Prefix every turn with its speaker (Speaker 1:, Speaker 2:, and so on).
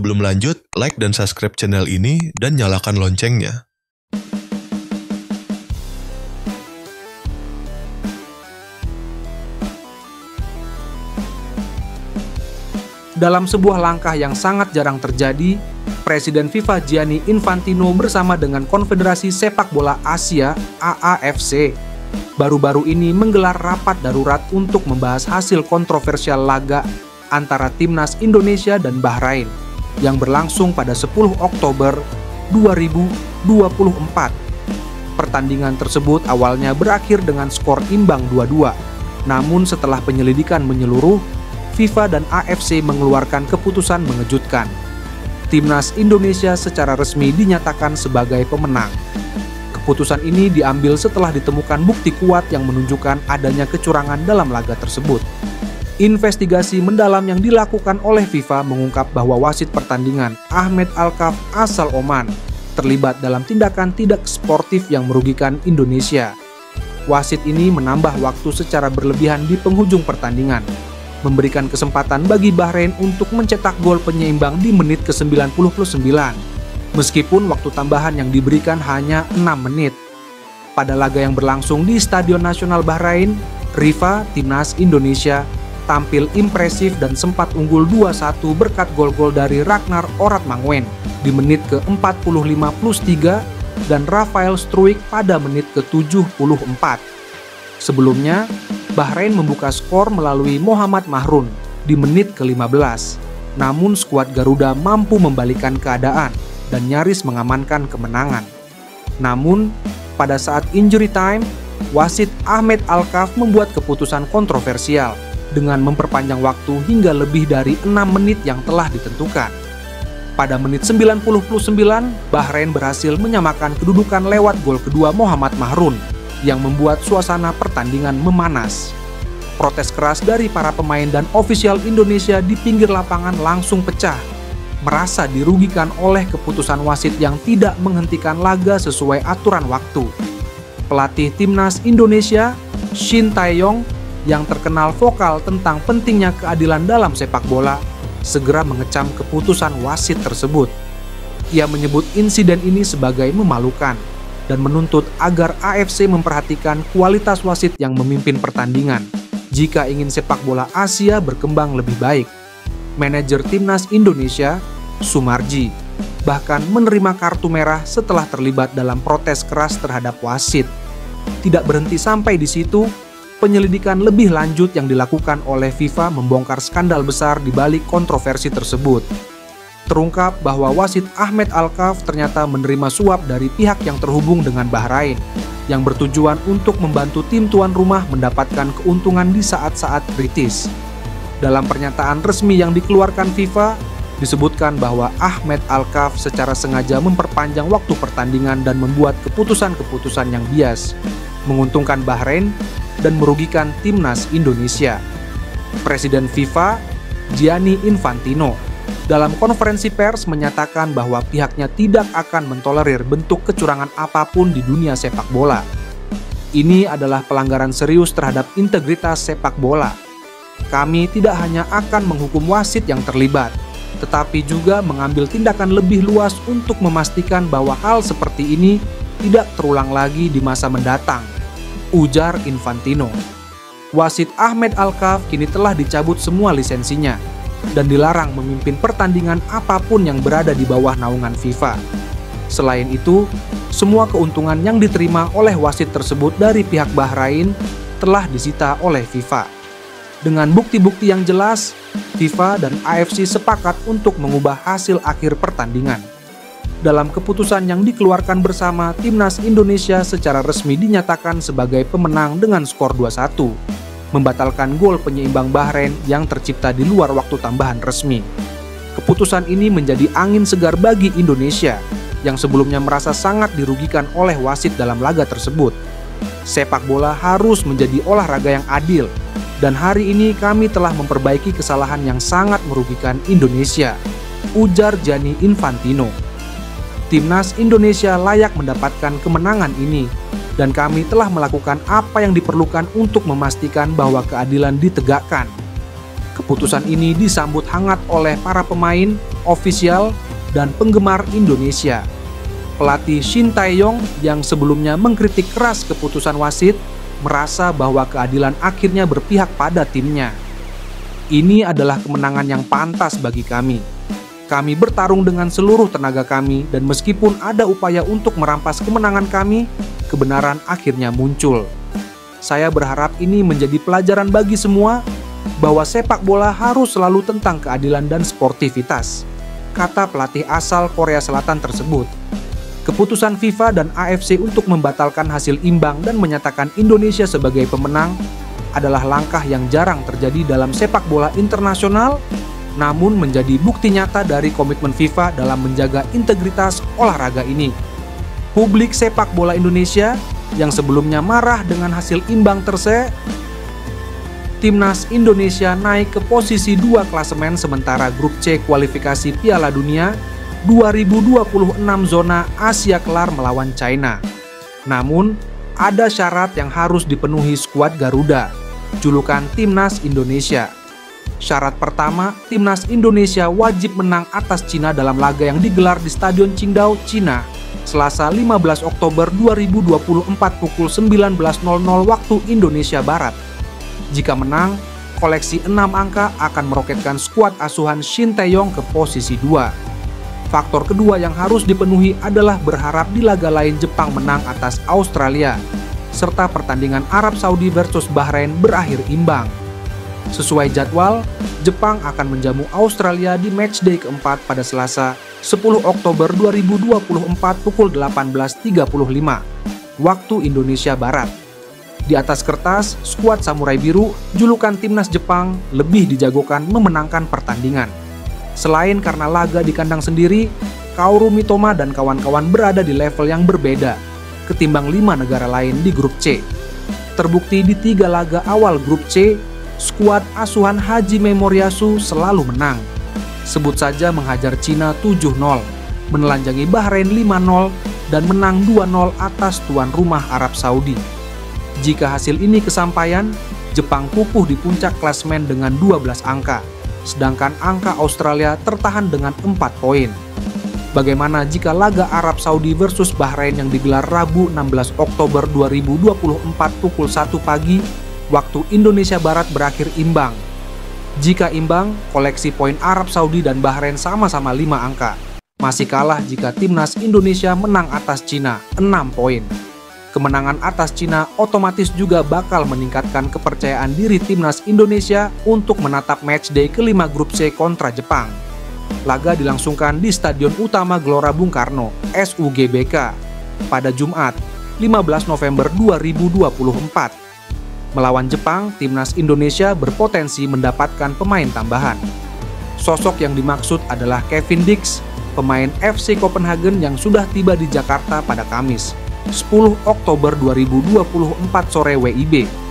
Speaker 1: Sebelum lanjut, like dan subscribe channel ini dan nyalakan loncengnya. Dalam sebuah langkah yang sangat jarang terjadi, Presiden FIFA Gianni Infantino bersama dengan Konfederasi Sepak Bola Asia AAFC baru-baru ini menggelar rapat darurat untuk membahas hasil kontroversial laga antara timnas Indonesia dan Bahrain yang berlangsung pada 10 Oktober 2024. Pertandingan tersebut awalnya berakhir dengan skor imbang 2-2. Namun setelah penyelidikan menyeluruh, FIFA dan AFC mengeluarkan keputusan mengejutkan. Timnas Indonesia secara resmi dinyatakan sebagai pemenang. Keputusan ini diambil setelah ditemukan bukti kuat yang menunjukkan adanya kecurangan dalam laga tersebut. Investigasi mendalam yang dilakukan oleh FIFA mengungkap bahwa wasit pertandingan Ahmed Alkaf asal Oman terlibat dalam tindakan tidak sportif yang merugikan Indonesia. Wasit ini menambah waktu secara berlebihan di penghujung pertandingan, memberikan kesempatan bagi Bahrain untuk mencetak gol penyeimbang di menit ke-99, meskipun waktu tambahan yang diberikan hanya 6 menit. Pada laga yang berlangsung di Stadion Nasional Bahrain, Riva Timnas Indonesia tampil impresif dan sempat unggul 2-1 berkat gol-gol dari Ragnar Orat Mangwen di menit ke-45 plus 3 dan Rafael Struik pada menit ke-74. Sebelumnya, Bahrain membuka skor melalui Muhammad Mahrun di menit ke-15. Namun skuad Garuda mampu membalikan keadaan dan nyaris mengamankan kemenangan. Namun, pada saat injury time, wasit Ahmed Alkaf membuat keputusan kontroversial dengan memperpanjang waktu hingga lebih dari 6 menit yang telah ditentukan. Pada menit 99, Bahrain berhasil menyamakan kedudukan lewat gol kedua Muhammad Mahrun yang membuat suasana pertandingan memanas. Protes keras dari para pemain dan ofisial Indonesia di pinggir lapangan langsung pecah. Merasa dirugikan oleh keputusan wasit yang tidak menghentikan laga sesuai aturan waktu. Pelatih timnas Indonesia, Shin Taeyong, yang terkenal vokal tentang pentingnya keadilan dalam sepak bola, segera mengecam keputusan wasit tersebut. Ia menyebut insiden ini sebagai memalukan dan menuntut agar AFC memperhatikan kualitas wasit yang memimpin pertandingan jika ingin sepak bola Asia berkembang lebih baik. Manajer Timnas Indonesia, Sumarji, bahkan menerima kartu merah setelah terlibat dalam protes keras terhadap wasit. Tidak berhenti sampai di situ, penyelidikan lebih lanjut yang dilakukan oleh FIFA membongkar skandal besar di balik kontroversi tersebut. Terungkap bahwa wasit Ahmed Alkaf ternyata menerima suap dari pihak yang terhubung dengan Bahrain, yang bertujuan untuk membantu tim tuan rumah mendapatkan keuntungan di saat-saat kritis. Dalam pernyataan resmi yang dikeluarkan FIFA, disebutkan bahwa Ahmed Alkaf secara sengaja memperpanjang waktu pertandingan dan membuat keputusan-keputusan yang bias, menguntungkan Bahrain dan merugikan timnas Indonesia. Presiden FIFA, Gianni Infantino, dalam konferensi pers menyatakan bahwa pihaknya tidak akan mentolerir bentuk kecurangan apapun di dunia sepak bola. Ini adalah pelanggaran serius terhadap integritas sepak bola. Kami tidak hanya akan menghukum wasit yang terlibat, tetapi juga mengambil tindakan lebih luas untuk memastikan bahwa hal seperti ini tidak terulang lagi di masa mendatang ujar Infantino. Wasit Ahmed Alkaf kini telah dicabut semua lisensinya dan dilarang memimpin pertandingan apapun yang berada di bawah naungan FIFA. Selain itu, semua keuntungan yang diterima oleh wasit tersebut dari pihak Bahrain telah disita oleh FIFA. Dengan bukti-bukti yang jelas, FIFA dan AFC sepakat untuk mengubah hasil akhir pertandingan dalam keputusan yang dikeluarkan bersama Timnas Indonesia secara resmi dinyatakan sebagai pemenang dengan skor 2-1, membatalkan gol penyeimbang Bahrain yang tercipta di luar waktu tambahan resmi. Keputusan ini menjadi angin segar bagi Indonesia, yang sebelumnya merasa sangat dirugikan oleh wasit dalam laga tersebut. Sepak bola harus menjadi olahraga yang adil, dan hari ini kami telah memperbaiki kesalahan yang sangat merugikan Indonesia, ujar Jani Infantino. Timnas Indonesia layak mendapatkan kemenangan ini dan kami telah melakukan apa yang diperlukan untuk memastikan bahwa keadilan ditegakkan. Keputusan ini disambut hangat oleh para pemain, ofisial, dan penggemar Indonesia. Pelatih Shin Tae-yong yang sebelumnya mengkritik keras keputusan wasit merasa bahwa keadilan akhirnya berpihak pada timnya. Ini adalah kemenangan yang pantas bagi kami. Kami bertarung dengan seluruh tenaga kami dan meskipun ada upaya untuk merampas kemenangan kami, kebenaran akhirnya muncul. Saya berharap ini menjadi pelajaran bagi semua bahwa sepak bola harus selalu tentang keadilan dan sportivitas, kata pelatih asal Korea Selatan tersebut. Keputusan FIFA dan AFC untuk membatalkan hasil imbang dan menyatakan Indonesia sebagai pemenang adalah langkah yang jarang terjadi dalam sepak bola internasional namun menjadi bukti nyata dari komitmen FIFA dalam menjaga integritas olahraga ini. Publik sepak bola Indonesia yang sebelumnya marah dengan hasil imbang terse, Timnas Indonesia naik ke posisi dua klasemen sementara grup C kualifikasi Piala Dunia 2026 zona Asia kelar melawan China. Namun, ada syarat yang harus dipenuhi skuad Garuda, julukan Timnas Indonesia. Syarat pertama, timnas Indonesia wajib menang atas Cina dalam laga yang digelar di Stadion Qingdao, Cina, Selasa 15 Oktober 2024 pukul 19.00 waktu Indonesia Barat. Jika menang, koleksi 6 angka akan meroketkan skuad asuhan Shin Taeyong ke posisi 2. Faktor kedua yang harus dipenuhi adalah berharap di laga lain Jepang menang atas Australia, serta pertandingan Arab Saudi versus Bahrain berakhir imbang. Sesuai jadwal, Jepang akan menjamu Australia di matchday keempat pada Selasa 10 Oktober 2024 pukul 18.35 waktu Indonesia Barat. Di atas kertas, skuad Samurai Biru, julukan timnas Jepang, lebih dijagokan memenangkan pertandingan. Selain karena laga di kandang sendiri, Kaoru Mitoma dan kawan-kawan berada di level yang berbeda ketimbang lima negara lain di grup C. Terbukti di tiga laga awal grup C, skuad asuhan Haji Memoriasu selalu menang. Sebut saja menghajar Cina 7-0, menelanjangi Bahrain 5-0, dan menang 2-0 atas tuan rumah Arab Saudi. Jika hasil ini kesampaian, Jepang kukuh di puncak klasmen dengan 12 angka, sedangkan angka Australia tertahan dengan 4 poin. Bagaimana jika laga Arab Saudi versus Bahrain yang digelar Rabu 16 Oktober 2024 pukul 1 pagi waktu Indonesia Barat berakhir imbang. Jika imbang, koleksi poin Arab Saudi dan Bahrain sama-sama 5 angka. Masih kalah jika timnas Indonesia menang atas Cina, 6 poin. Kemenangan atas Cina otomatis juga bakal meningkatkan kepercayaan diri timnas Indonesia untuk menatap matchday kelima grup C kontra Jepang. Laga dilangsungkan di Stadion Utama Gelora Bung Karno, SUGBK, pada Jumat, 15 November 2024. Melawan Jepang, timnas Indonesia berpotensi mendapatkan pemain tambahan. Sosok yang dimaksud adalah Kevin Dix, pemain FC Copenhagen yang sudah tiba di Jakarta pada Kamis, 10 Oktober 2024 sore WIB